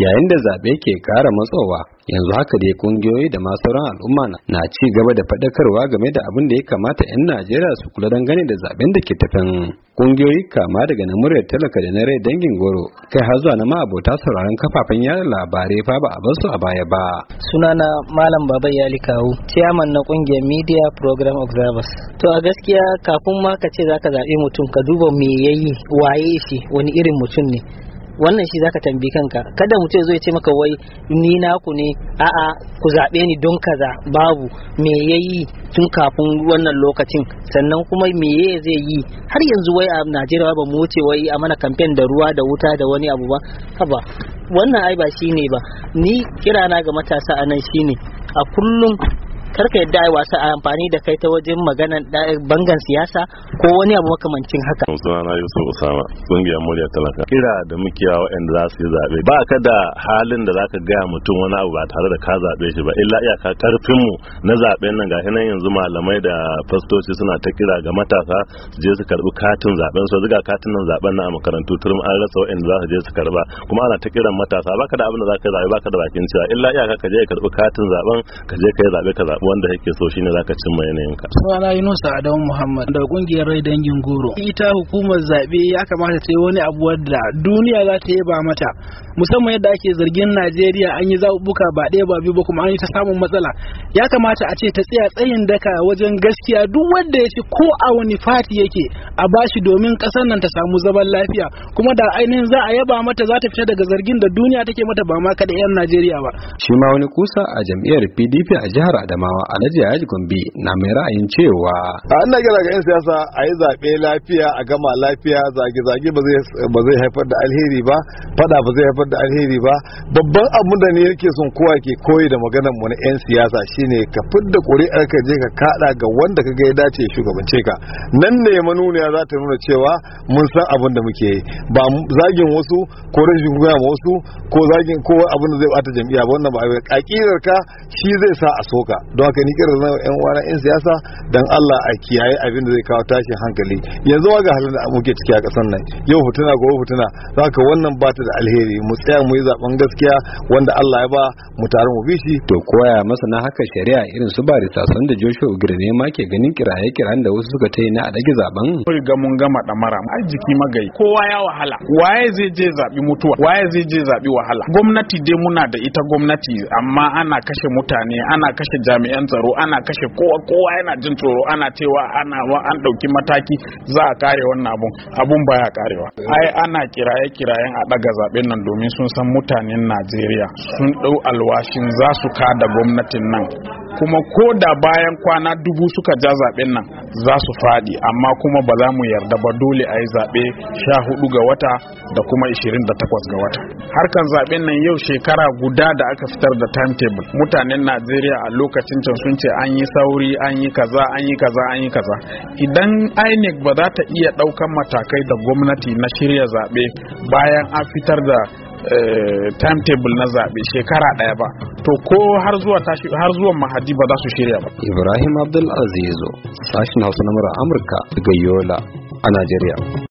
yayin da zaɓe ke kara matsowa yanzu haka dai kungiyoyi da masu sauran al'umma na ci gaba da faɗakarwa game da abin da ya kamata 'yan najeriya su kula gane da zaɓen da ke tafin kungiyoyi kama daga na muryar talaka da na rai dangin goro kai har zuwa na ma'abota sauraron kafafen yada labarai fa ba a bar su a baya ba Suna na malam baba ya kawu ciyaman na kungiyar media program observers to a gaskiya kafin ma ka ce zaka zaɓi mutum ka duba me yayi waye shi wani irin mutum ne wannan shi zaka tambi kanka kada mutum ya zo ce maka wai ni naku ne a'a ku zaɓe ni don kaza babu me yayi tun kafin wannan lokacin sannan kuma me ye zai yi har yanzu wai a Najeriya ba mu wuce wai a mana kamfen da ruwa da wuta da wani abu ba haba wannan ai ba shine ba ni kirana ga matasa anan shine a kullum kar ka yadda ai wasa a amfani da kai ta wajen maganan bangan siyasa ko wani abu makamancin haka sunana Yusuf Usama kungiyar murya talaka kira da muke yawa inda za su yi zabe ba ka da halin da zaka gaya mutum wani abu ba tare da ka zabe shi ba illa iyaka karfin mu na zaben nan gashi nan yanzu malamai da fastoci suna ta kira ga matasa su je su karbi katin zaben su zuga katin nan zaben na a makarantu turum an rasa inda za su je su karba kuma ana ta kiran matasa baka da abin da zaka zabe baka da bakin cewa illa iyaka ka je ka karbi katin zaben ka je ka yi zaɓe ka zaɓe wanda yake so shine zaka cimma yanayin yanayinka sunana Yunus Adamu Muhammad daga kungiyar Rai Dangin Goro ita hukumar zabe ya kamata ta yi wani abu wanda duniya za ta yi ba mata musamman yadda ake zargin Najeriya an yi zabuka ba ɗaya ba biyu ba kuma an yi ta samun matsala ya kamata a ce ta tsaya tsayin daka wajen gaskiya duk wanda ya ci ko a wani fati yake a bashi domin ƙasar nan ta samu zaman lafiya kuma da ainihin za a yaba mata za ta fita daga zargin da duniya take mata ba ma kada 'yan Najeriya ba. Shi ma wani kusa a jam'iyyar PDP a jihar Adamawa Alhaji Yaji Gombe na mai ra'ayin cewa. A an nagara ga 'yan siyasa a yi zaɓe lafiya a gama lafiya zage-zage ba zai haifar da alheri ba faɗa ba zai haifar da alheri ba babban abin da ne yake son kowa ke koyi da maganar mu na 'yan siyasa shine ka fidda ƙuri'ar ka je ka kaɗa ga wanda ka ga ya dace shugabance ka nan ne manuniya gaskiya za ta nuna cewa mun san abin da muke yi ba zagin wasu ko rashin goya ma wasu ko zagin ko abin da zai bata jam'iyya ba wannan ba a kirar ka shi zai sa a soka don haka ni kirar zan yan wani yan siyasa dan Allah a kiyaye abin da zai kawo tashin hankali yanzu ga halin da muke ciki a kasar nan yau fituna gobe fituna zaka wannan ba ta da alheri mu tsaya mu yi zaben gaskiya wanda Allah ya ba mu tare mu bi shi to koya masana haka shari'a irin su barista sun da Joshua Ogire ne ma ke ganin kiraye kiran da wasu suka ta yi na a dage zaben mun riga mun gama damara arziki magai kowa ya wahala waye zai je zabi mutuwa waye zai je zabi wahala gwamnati dai muna da ita gwamnati amma ana kashe mutane ana kashe jami'an tsaro ana kashe kowa kowa yana jin tsoro ana cewa ana an dauki mataki za a kare wannan abun abun baya karewa ai ana kiraye kirayen a daga zaben nan domin sun san mutanen Najeriya sun dau alwashin za su kada gwamnatin nan kuma ko da bayan kwana dubu suka ja zaɓen nan za su faɗi amma kuma ba za mu yarda ba dole a yi zaɓe sha hudu ga wata da kuma 28 ga wata harkan zaɓen nan yau shekara guda da aka fitar da timetable mutanen najeriya a lokacin can sun ce an yi sauri an yi kaza an yi kaza an yi kaza idan inec ba za ta iya ɗaukan matakai da gwamnati na shirya zaɓe bayan an fitar da Eh, timetable na zaɓe shekara ɗaya ba to ko har zuwa tashi har zuwa mahadi ba za su shirya ba Ibrahim Abdul Azizo sashin Hausa na Amurka daga Yola a Najeriya